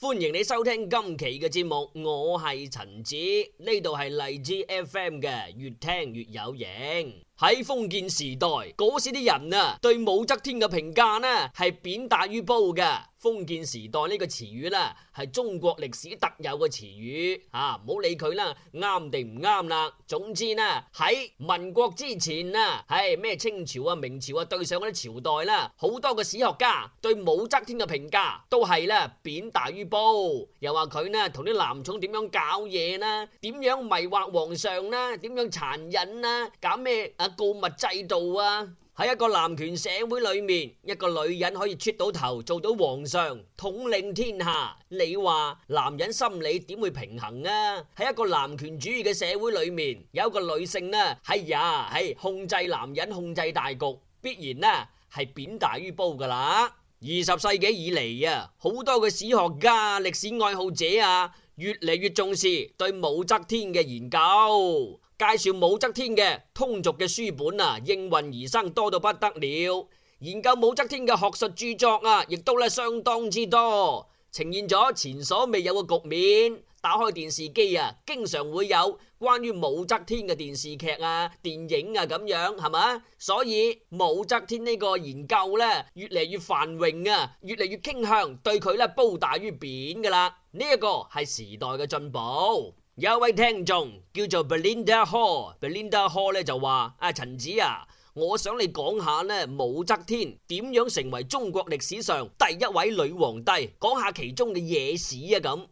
歡迎你收聽今期嘅節目，我係陳子，呢度係荔枝 FM 嘅，越聽越有型。喺封建時代，嗰時啲人啊，對武則天嘅評價呢係貶大於褒嘅。封建時代呢個詞語呢係中國歷史特有嘅詞語，吓唔好理佢啦，啱定唔啱啦。總之呢，喺民國之前呢係咩清朝啊、明朝啊對上嗰啲朝代啦，好多個史學家對武則天嘅評價都係啦，貶大於褒，又話佢呢同啲男寵點樣搞嘢呢，點樣迷惑皇上呢，點樣殘忍呢，搞咩？告密制度啊！喺一個男權社會裏面，一個女人可以出到頭做到皇上統領天下，你話男人心理點會平衡啊？喺一個男權主義嘅社會裏面，有一個女性呢，哎呀，係、哎、控制男人、控制大局，必然呢係貶大於褒噶啦。二十世紀以嚟，啊，好多嘅史學家、歷史愛好者啊，越嚟越重視對武則天嘅研究。介紹武則天嘅通俗嘅書本啊，應運而生多到不得了。研究武則天嘅學術著作啊，亦都咧相當之多，呈現咗前所未有嘅局面。打開電視機啊，經常會有關於武則天嘅電視劇啊、電影啊咁樣，係嘛？所以武則天呢個研究咧，越嚟越繁榮啊，越嚟越傾向對佢咧褒大於貶噶啦。呢一個係時代嘅進步。有一位聽眾叫做 Belinda Hall，Belinda Hall 咧就話：啊陳子啊，我想你講下呢武則天點樣成為中國歷史上第一位女皇帝，講下其中嘅野史啊咁。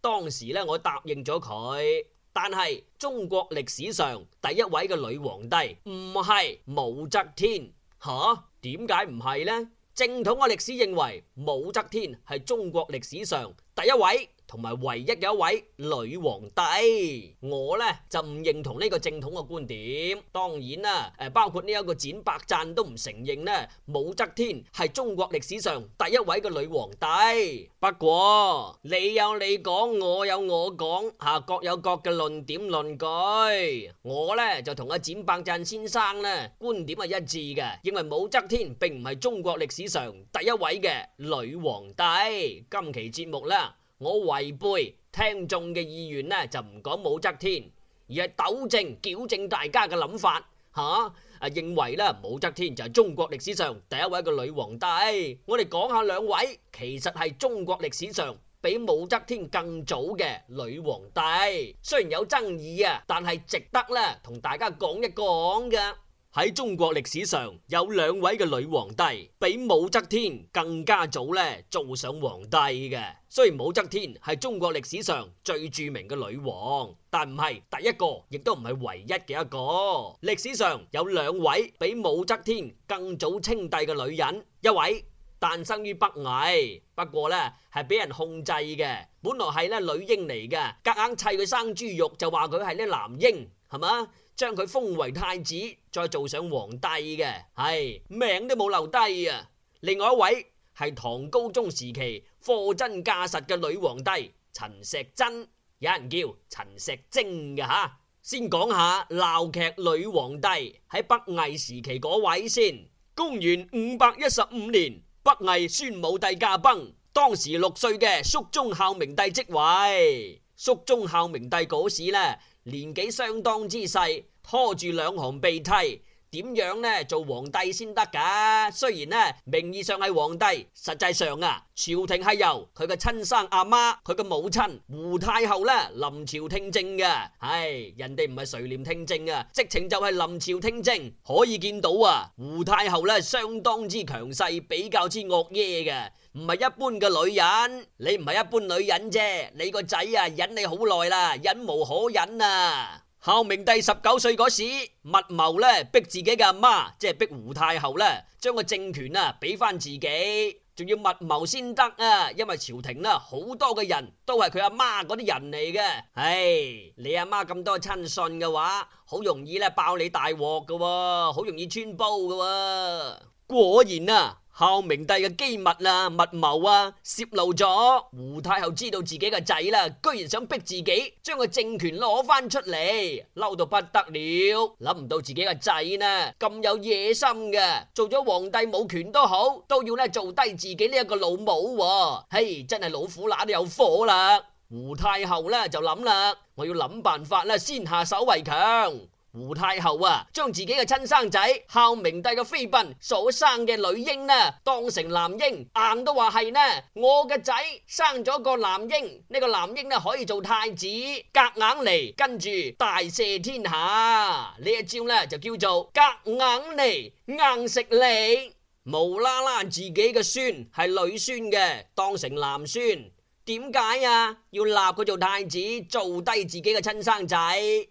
當時呢，我答應咗佢，但係中國歷史上第一位嘅女皇帝唔係武則天吓？點解唔係呢？正統嘅歷史認為武則天係中國歷史上第一位。同埋唯一嘅一位女皇帝，我呢就唔認同呢個正統嘅觀點。當然啦，誒，包括呢一個翦伯贊都唔承認呢。武則天係中國歷史上第一位嘅女皇帝。不過你有你講，我有我講，吓各有各嘅論點論據。我呢就同阿、啊、翦伯贊先生呢觀點係一致嘅，認為武則天並唔係中國歷史上第一位嘅女皇帝。今期節目呢。我違背聽眾嘅意願呢就唔講武則天，而係糾正、矯正大家嘅諗法吓、啊。啊，認為呢武則天就係中國歷史上第一位嘅女皇帝。我哋講下兩位，其實係中國歷史上比武則天更早嘅女皇帝。雖然有爭議啊，但係值得呢同大家講一講噶。喺中國歷史上有兩位嘅女皇帝，比武則天更加早咧做上皇帝嘅。雖然武則天係中國歷史上最著名嘅女皇，但唔係第一個，亦都唔係唯一嘅一個。歷史上有兩位比武則天更早稱帝嘅女人，一位誕生於北魏，不過咧係俾人控制嘅，本來係咧女嬰嚟嘅，夾硬砌佢生豬肉，就話佢係咧男嬰，係嘛？將佢封為太子。再做上皇帝嘅，唉、哎，命都冇留低啊！另外一位係唐高宗時期貨真價實嘅女皇帝陳碩真，有人叫陳碩貞嘅吓。先講下鬧劇女皇帝喺北魏時期嗰位先。公元五百一十五年，北魏宣武帝駕崩，當時六歲嘅肅宗孝明帝即位。肅宗孝明帝嗰時咧，年紀相當之細。拖住兩行鼻涕，點樣呢做皇帝先得噶？雖然呢名義上係皇帝，實際上啊朝廷係由佢嘅親生阿媽，佢嘅母親，母親胡太后呢臨朝聽政嘅。唉，人哋唔係垂簾聽政啊，直情就係臨朝聽政，可以見到啊胡太后呢相當之強勢，比較之惡耶嘅，唔係一般嘅女人。你唔係一般女人啫，你個仔啊忍你好耐啦，忍無可忍啊！孝明帝十九歲嗰時，密謀咧逼自己嘅阿媽，即係逼胡太后咧，將個政權啊俾翻自己，仲要密謀先得啊！因為朝廷啦好多嘅人都係佢阿媽嗰啲人嚟嘅，唉，你阿媽咁多親信嘅話，好容易咧爆你大鑊㗎，好容易穿煲㗎，啊，果然啊！孝明帝嘅機密啊、密謀啊，泄露咗。胡太后知道自己嘅仔啦，居然想逼自己將個政權攞翻出嚟，嬲到不得了。諗唔到自己嘅仔呢咁有野心嘅，做咗皇帝冇權都好，都要咧做低自己呢一個老母啊。嘿，真係老虎乸都有火啦。胡太后咧就諗啦，我要諗辦法啦，先下手為強。胡太后啊，將自己嘅親生仔孝明帝嘅妃嬪所生嘅女嬰呢，當成男嬰，硬都話係呢，我嘅仔生咗個男嬰，呢、這個男嬰呢可以做太子，夾硬嚟，跟住大赦天下，呢一招呢就叫做夾硬嚟，硬食你，無啦啦自己嘅孫係女孫嘅，當成男孫。點解啊？要立佢做太子，做低自己嘅親生仔。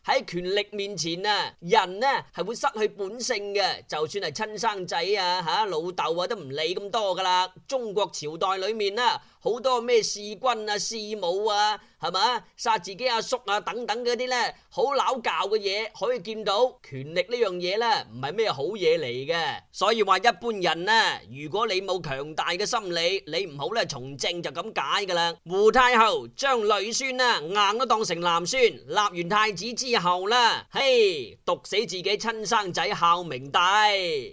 喺權力面前啊，人呢係會失去本性嘅，就算係親生仔啊吓、啊、老豆啊都唔理咁多噶啦！中國朝代裏面啦。好多咩弑君啊、弑母啊，係嘛？殺自己阿叔啊，等等嗰啲咧，好拗教嘅嘢可以見到，權力呢樣嘢咧唔係咩好嘢嚟嘅，所以話一般人咧，如果你冇強大嘅心理，你唔好咧從政就咁解噶啦。胡太后將女孫啊硬都當成男孫，立完太子之後呢，嘿，毒死自己親生仔孝明帝，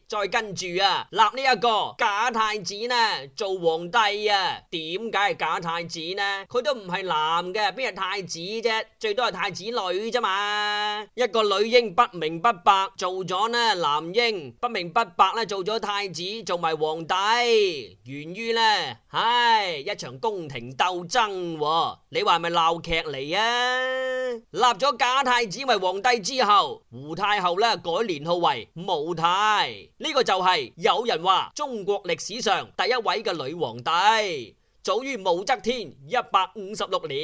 再跟住啊立呢一個假太子呢做皇帝啊，點？點解係假太子呢？佢都唔係男嘅，邊係太子啫？最多係太子女啫嘛。一個女嬰不明不白做咗呢男嬰，不明不白啦做咗太子，做埋皇帝，源於呢唉，一場宮廷鬥爭。你話係咪鬧劇嚟啊？立咗假太子為皇帝之後，胡太后啦改年號為武泰，呢個就係有人話中國歷史上第一位嘅女皇帝。早於武則天一百五十六年，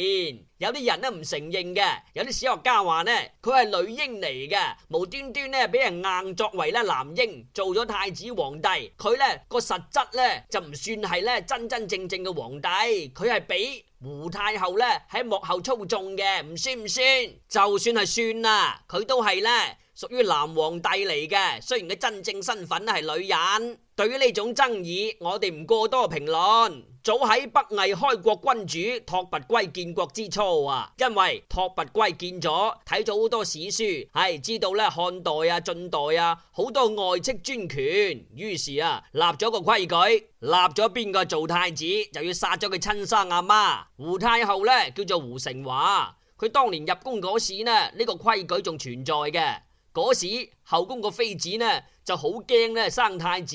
有啲人呢唔承認嘅，有啲史學家話呢，佢係女嬰嚟嘅，無端端呢俾人硬作為咧男嬰做咗太子皇帝。佢呢個實質呢就唔算係咧真真正正嘅皇帝，佢係俾胡太后呢喺幕後操縱嘅，唔算唔算？就算係算啦，佢都係呢屬於男皇帝嚟嘅，雖然佢真正身份咧係女人。對於呢種爭議，我哋唔過多評論。早喺北魏開國君主拓跋珪建國之初啊，因為拓跋珪見咗睇咗好多史書，係知道咧漢代啊晉代啊好多外戚專權，於是啊立咗個規矩，立咗邊個做太子就要殺咗佢親生阿媽。胡太后咧，叫做胡成華，佢當年入宮嗰時呢，呢個規矩仲存在嘅，嗰時後宮個妃子呢就好驚呢生太子。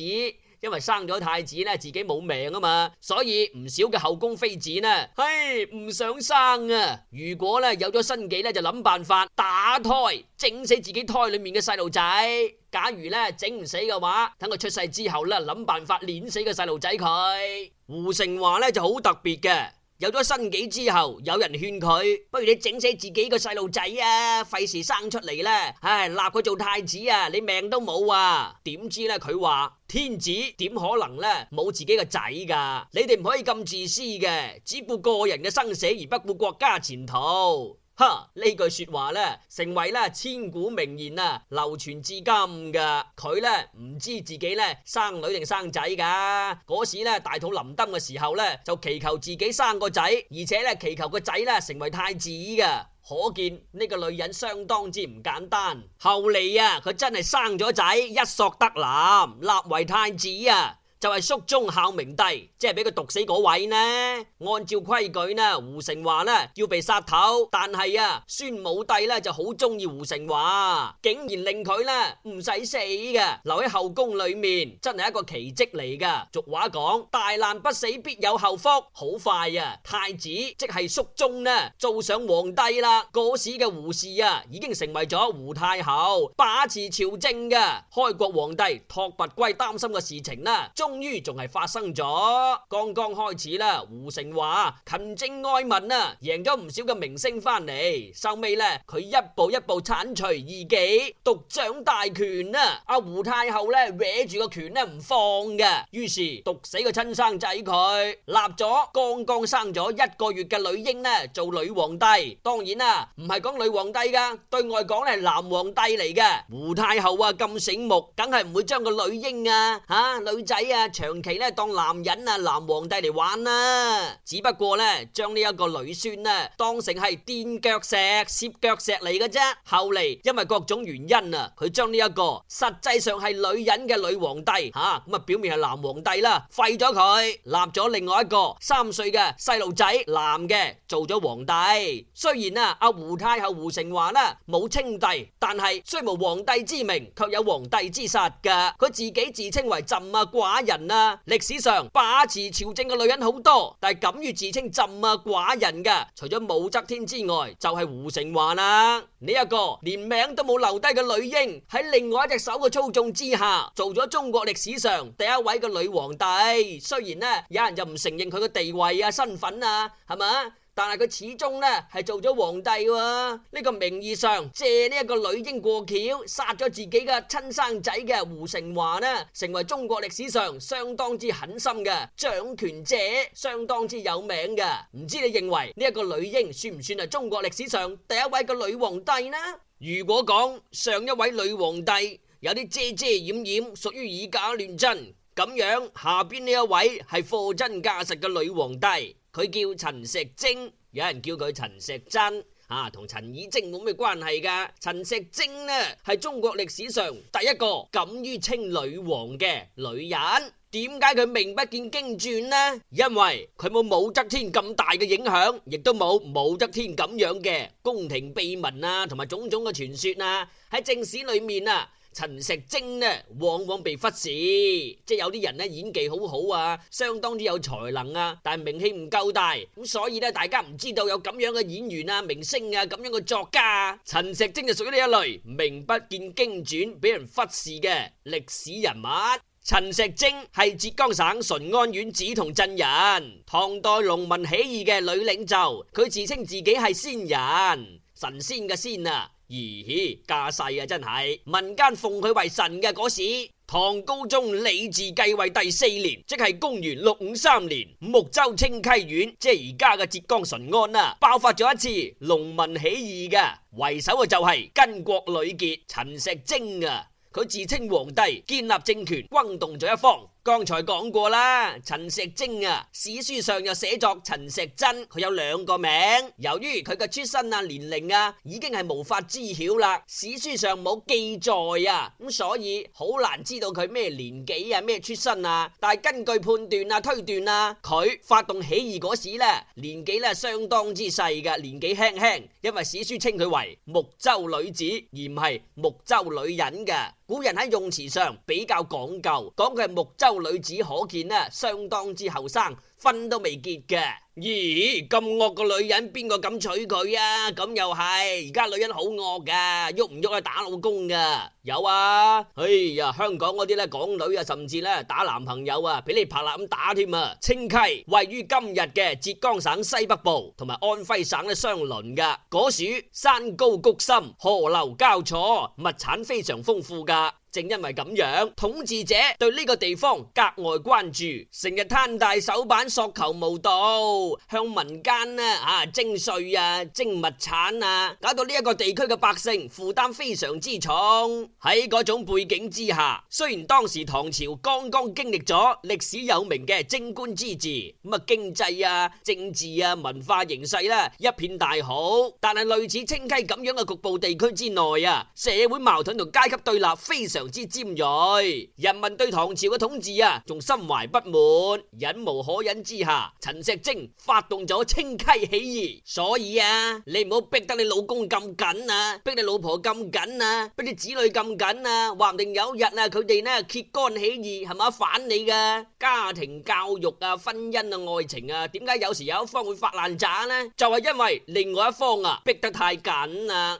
因為生咗太子咧，自己冇命啊嘛，所以唔少嘅後宮妃子呢，嘿唔想生啊。如果咧有咗身紀咧，就諗辦法打胎，整死自己胎裏面嘅細路仔。假如咧整唔死嘅話，等佢出世之後咧，諗辦法碾死個細路仔佢。胡成華咧就好特別嘅。有咗身紀之後，有人勸佢：不如你整死自己個細路仔啊，費事生出嚟啦！唉，立佢做太子啊，你命都冇啊！點知咧，佢話天子點可能咧冇自己個仔㗎？你哋唔可以咁自私嘅，只顧個人嘅生死而不顧國家前途。哈！呢句說話咧，成為咧千古名言啊，流傳至今噶。佢咧唔知自己咧生女定生仔噶。嗰時咧，大肚臨登嘅時候咧，就祈求自己生個仔，而且咧祈求個仔咧成為太子噶。可見呢、呢個女人相當之唔簡單。後嚟啊，佢真係生咗仔，一索得男，立為太子啊！就係肅宗孝明帝，即係俾佢毒死嗰位呢。按照規矩呢，胡成華呢要被殺頭，但係啊，宣武帝呢就好中意胡成華，竟然令佢呢唔使死嘅，留喺後宮裏面，真係一個奇迹嚟噶。俗話講，大難不死必有後福。好快啊，太子即係肅宗呢，做上皇帝啦。嗰時嘅胡氏啊，已經成為咗胡太后，把持朝政嘅。開國皇帝拓跋圭擔心嘅事情呢，終於仲係發生咗，剛剛開始啦。胡承華勤政愛民啊，贏咗唔少嘅名聲返嚟。收尾咧，佢一步一步鏟除異己，獨掌大權啊！阿胡太后咧搲住個權咧唔放噶，於是毒死個親生仔佢，立咗剛剛生咗一個月嘅女嬰咧做女皇帝。當然啦，唔係講女皇帝噶，對外講咧係男皇帝嚟嘅。胡太后啊咁醒目，梗係唔會將個女嬰啊吓女仔啊。長期咧當男人啊男皇帝嚟玩啦，只不過咧將呢一個女孫啊當成係墊腳石、涉腳石嚟嘅啫。後嚟因為各種原因啊，佢將呢一個實際上係女人嘅女皇帝吓咁啊表面係男皇帝啦，廢咗佢，立咗另外一個三歲嘅細路仔男嘅做咗皇帝。雖然啊阿胡太后胡成華啦冇稱帝，但係雖無皇帝之名，卻有皇帝之實噶。佢自己自稱為朕啊寡人。人啊，歷史上把持朝政嘅女人好多，但係敢於自稱朕啊寡人嘅，除咗武則天之外，就係、是、胡承華啦。呢、這、一個連名都冇留低嘅女嬰，喺另外一隻手嘅操縱之下，做咗中國歷史上第一位嘅女皇帝。雖然呢，有人就唔承認佢嘅地位啊、身份啊，係咪但係佢始終呢係做咗皇帝喎、啊，呢、呢個名義上借呢一個女嬰過橋殺咗自己嘅親生仔嘅胡成華呢，成為中國歷史上相當之狠心嘅掌權者，相當之有名嘅。唔知你認為呢一、呢個女嬰算唔算係中國歷史上第一位嘅女皇帝呢？如果講上一位女皇帝有啲遮遮掩掩，屬於以假亂真，咁樣下邊呢一位係貨真價實嘅女皇帝。佢叫陳石貞，有人叫佢陳石珍。啊，同陳以貞冇咩關係噶。陳石貞呢，係中國歷史上第一個敢於稱女王嘅女人。點解佢名不見經傳呢？因為佢冇武則天咁大嘅影響，亦都冇武則天咁樣嘅宮廷秘聞啊，同埋種種嘅傳說啊，喺正史裏面啊。陳碩真呢，往往被忽視，即係有啲人呢，演技好好啊，相當之有才能啊，但係名氣唔夠大，咁所以呢，大家唔知道有咁樣嘅演員啊、明星啊咁樣嘅作家啊。陳碩真就屬於呢一類，名不見經傳，俾人忽視嘅歷史人物。陳碩真係浙江省淳安縣梓桐鎮人，唐代農民起義嘅女領袖，佢自稱自己係仙人、神仙嘅仙啊。咦，架勢、哎、啊，真係民間奉佢為神嘅、啊、嗰時，唐高宗李治繼位第四年，即係公元六五三年，睦州清溪縣，即係而家嘅浙江淳安啊，爆發咗一次農民起義嘅，為首嘅就係巾幗女傑、陳石貞啊，佢自稱皇帝，建立政權，轟動咗一方。剛才講過啦，陳碩貞啊，史書上又寫作陳碩真，佢有兩個名。由於佢嘅出身啊、年齡啊，已經係無法知曉啦，史書上冇記載啊，咁所以好難知道佢咩年紀啊、咩出身啊。但係根據判斷啊、推斷啊，佢發動起義嗰時咧，年紀咧相當之細嘅，年紀輕輕。因為史書稱佢為睦州女子，而唔係睦州女人嘅。古人喺用詞上比較講究，講佢係睦州。女子可見啦，相當之後生，婚都未結嘅。咦，咁惡個女人，邊個敢娶佢啊？咁又係，而家女人好惡噶，喐唔喐啊，打老公噶，有啊。哎呀，香港嗰啲咧港女啊，甚至咧打男朋友啊，俾你拍立打添啊。清溪位於今日嘅浙江省西北部，同埋安徽省咧相鄰噶。嗰處山高谷深，河流交錯，物產非常豐富噶。正因為咁樣，統治者對呢個地方格外關注，成日攤大手板索求無度，向民間啊啊徵稅啊徵物產啊，搞到呢一個地區嘅百姓負擔非常之重。喺嗰種背景之下，雖然當時唐朝剛剛經歷咗歷史有名嘅貞觀之治，咁啊經濟啊政治啊文化形勢啦一片大好，但係類似清溪咁樣嘅局部地區之內啊，社會矛盾同階級對立非常之尖銳，人民對唐朝嘅統治啊，仲心懷不滿，忍無可忍之下，陳碩真發動咗清溪起義。所以啊，你唔好逼得你老公咁緊啊，逼你老婆咁緊啊，逼你子女咁緊啊，話唔定有一日啊，佢哋呢揭竿起義，係咪反你噶？家庭教育啊，婚姻啊，愛情啊，點解有時有一方會發爛渣呢？就係、是、因為另外一方啊，逼得太緊啦，啊。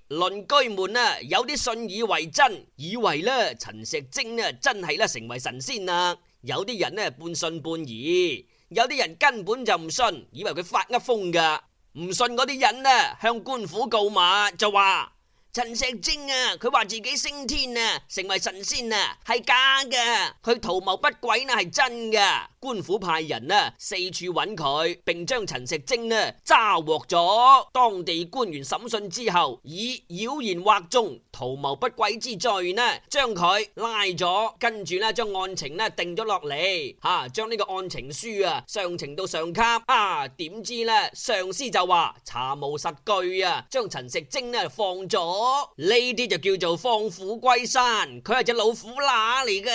鄰居們呢，有啲信以為真，以為呢陳碩真呢真係呢成為神仙啦。有啲人呢半信半疑，有啲人根本就唔信，以為佢發乜瘋噶。唔信嗰啲人呢向官府告密，就話陳碩真啊，佢話自己升天啊，成為神仙啊，係假噶，佢圖謀不軌啦，係真噶。官府派人呢，四處揾佢，並將陳石貞呢抓獲咗。當地官員審訊之後，以妖言惑眾、圖謀不軌之罪呢，將佢拉咗，跟住呢將案情呢定咗落嚟。吓，將呢個案情書啊，上呈到上級。啊，點知呢上司就話查無實據啊，將陳石貞呢放咗。呢啲就叫做放虎歸山。佢係隻老虎乸嚟嘅。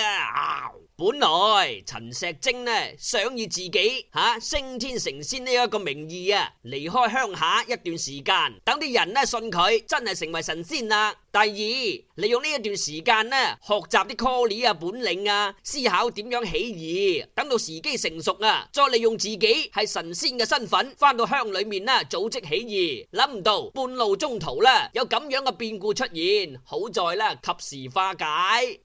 本來陳石貞呢，想以自己吓、啊、升天成仙呢一個名義啊，離開鄉下一段時間，等啲人咧信佢真係成為神仙啦。第二，利用呢一段時間呢，學習啲 c o i l 啊本領啊，思考點樣起義。等到時機成熟啊，再利用自己係神仙嘅身份，翻到鄉裏面啦，組織起義。諗唔到半路中途啦，有咁樣嘅變故出現，好在啦，及時化解。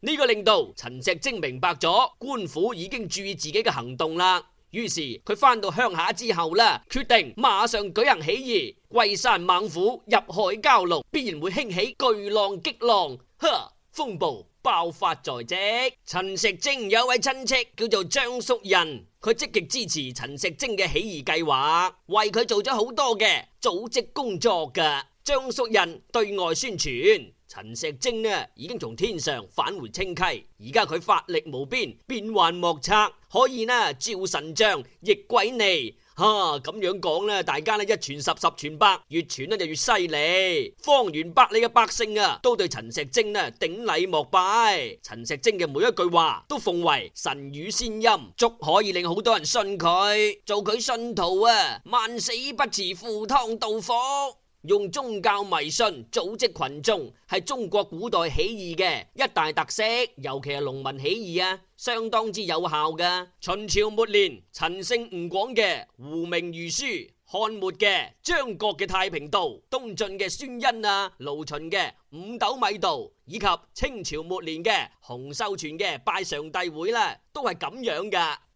呢個令到陳碩真明白咗，官府已經注意自己嘅行動啦。於是佢返到鄉下之後啦，決定馬上舉行起義，歸山猛虎入海蛟龍，必然會興起巨浪激浪，呵，風暴爆發在即。陳碩真有位親戚叫做張叔仁，佢積極支持陳碩真嘅起義計劃，為佢做咗好多嘅組織工作噶。張叔仁對外宣傳。陳碩真呢已經從天上返回清溪，而家佢法力無邊，變幻莫測，可以呢召神像、役鬼尼。吓、啊、咁樣講呢，大家呢一傳十，十傳百，越傳呢就越犀利。方圓百里嘅百姓啊，都對陳碩真呢頂禮膜拜。陳碩真嘅每一句話都奉為神語仙音，足可以令好多人信佢，做佢信徒啊，萬死不辭，赴湯蹈火。用宗教迷信組織群眾係中國古代起義嘅一大特色，尤其係農民起義啊，相當之有效噶。秦朝末年，陳勝吳廣嘅狐鳴魚書；漢末嘅張角嘅太平道；東晉嘅孫恩啊，盧循嘅五斗米道，以及清朝末年嘅洪秀全嘅拜上帝會啦，都係咁樣噶。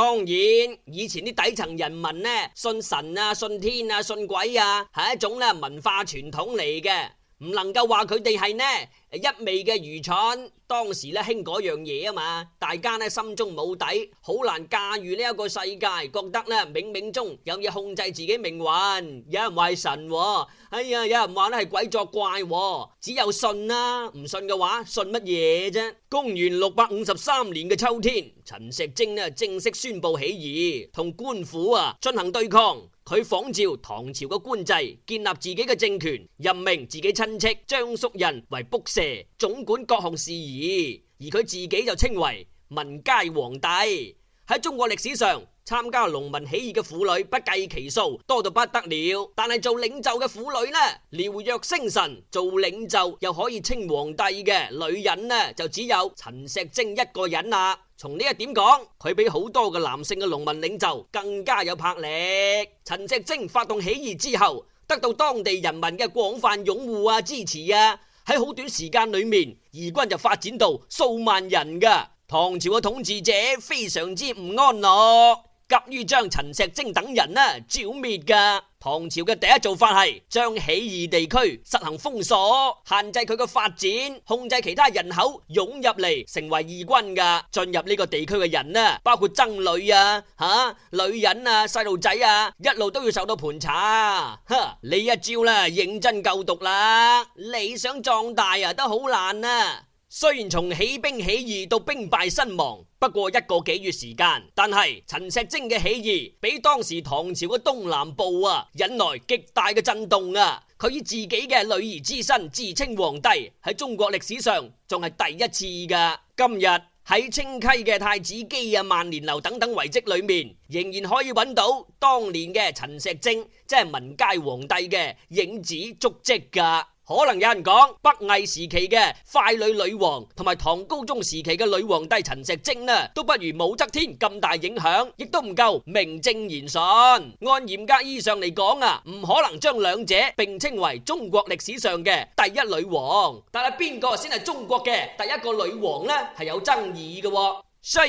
當然，以前啲底層人民呢，信神啊、信天啊、信鬼啊，係一種咧文化傳統嚟嘅，唔能夠話佢哋係呢一味嘅愚蠢。當時咧興嗰樣嘢啊嘛，大家咧心中冇底，好難駕馭呢一個世界，覺得咧冥冥中有嘢控制自己命運，有人話神，哎呀，有人話咧係鬼作怪，只有信啦，唔信嘅話信乜嘢啫？公元六百五十三年嘅秋天，陳碩真咧正式宣布起義，同官府啊進行對抗。佢仿照唐朝嘅官制，建立自己嘅政權，任命自己親戚張叔仁為僕射，總管各項事宜。而佢自己就稱為文佳皇帝。喺中國歷史上，參加農民起義嘅婦女不計其數，多到不得了，但係做領袖嘅婦女呢，寥若星辰，做領袖又可以稱皇帝嘅女人呢，就只有陳碩真一個人啦。從呢一點講，佢比好多嘅男性嘅農民領袖更加有魄力。陳碩真發動起義之後，得到當地人民嘅廣泛擁護啊、支持啊。喺好短時間裏面，義軍就發展到數萬人㗎。唐朝嘅統治者非常之唔安樂。急於將陳碩真等人呢剿滅噶，唐朝嘅第一做法係將起義地區實行封鎖，限制佢嘅發展，控制其他人口湧入嚟成為義軍噶。進入呢個地區嘅人呢、啊，包括僧侶啊、吓、啊、女人啊、細路仔啊，一路都要受到盤查。哈，你一招啦、啊，認真夠毒啦，你想壯大啊都好難啊！雖然從起兵起義到兵敗身亡不過一個幾月時間，但係陳石貞嘅起義俾當時唐朝嘅東南部啊引來極大嘅震動啊！佢以自己嘅女兒之身自稱皇帝喺中國歷史上仲係第一次噶。今日喺清溪嘅太子基啊、萬年樓等等遺跡裏面，仍然可以揾到當年嘅陳石貞即係文佳皇帝嘅影子足跡噶。可能有人講，北魏時期嘅傀儡女皇同埋唐高宗時期嘅女皇帝陳碩真呢，都不如武則天咁大影響，亦都唔夠名正言順。按嚴格意義上嚟講啊，唔可能將兩者並稱為中國歷史上嘅第一女皇。但係邊個先係中國嘅第一個女皇呢？係有爭議嘅、哦。雖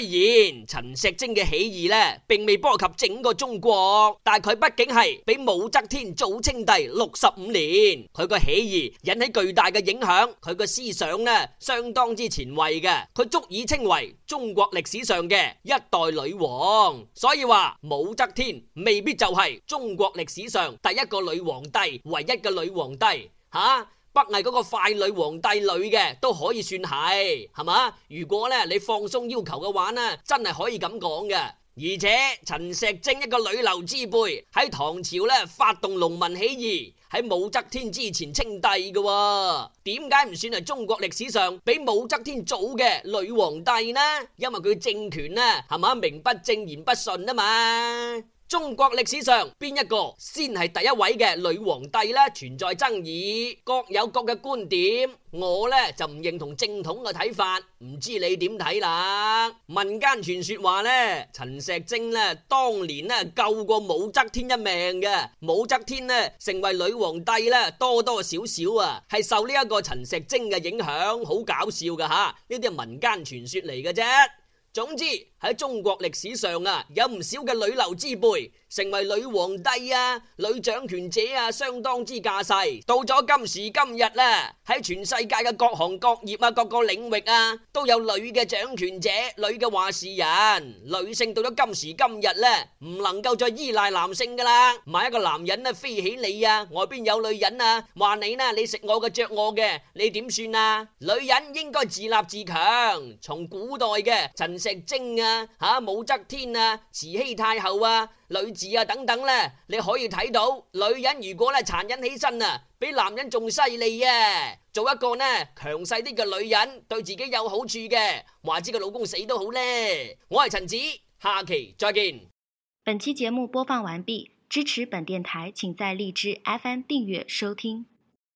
然陳碩真嘅起義呢，並未波及整個中國，但佢畢竟係比武則天早稱帝六十五年，佢個起義引起巨大嘅影響，佢個思想呢相當之前衛嘅，佢足以稱為中國歷史上嘅一代女皇。所以話武則天未必就係中國歷史上第一個女皇帝，唯一嘅女皇帝吓。北魏嗰個傀儡皇帝女嘅都可以算係，係嘛？如果咧你放鬆要求嘅話呢，真係可以咁講嘅。而且陳碩真一個女流之輩喺唐朝咧發動農民起義，喺武則天之前稱帝嘅，哦，點解唔算係中國歷史上比武則天早嘅女皇帝呢？因為佢政權啦，係嘛，名不正言不順啊嘛。中國歷史上邊一個先係第一位嘅女皇帝咧？存在爭議，各有各嘅觀點。我咧就唔認同正統嘅睇法，唔知你點睇啦。民間傳說話咧，陳碩真咧當年咧救過武則天一命嘅，武則天咧成為女皇帝咧多多少少啊係受呢一個陳碩真嘅影響，好搞笑噶吓，呢啲係民間傳說嚟嘅啫。總之，喺中國歷史上啊，有唔少嘅女流之輩。成為女皇帝啊，女掌權者啊，相當之架勢。到咗今時今日啦、啊，喺全世界嘅各行各業啊，各個領域啊，都有女嘅掌權者、女嘅話事人。女性到咗今時今日咧、啊，唔能夠再依賴男性噶啦。買一個男人啊，飛起你啊，外邊有女人啊，話你呢，你食我嘅，着我嘅，你點算啊？女人應該自立自強。從古代嘅陳碩真啊，吓武則天啊，慈禧太后啊。女子啊，等等咧，你可以睇到女人如果咧殘忍起身啊，比男人仲犀利啊！做一個呢強勢啲嘅女人，對自己有好處嘅，話知個老公死都好咧。我係陳子，下期再見。本期節目播放完畢，支持本電台，請在荔枝 FM 訂閱收聽。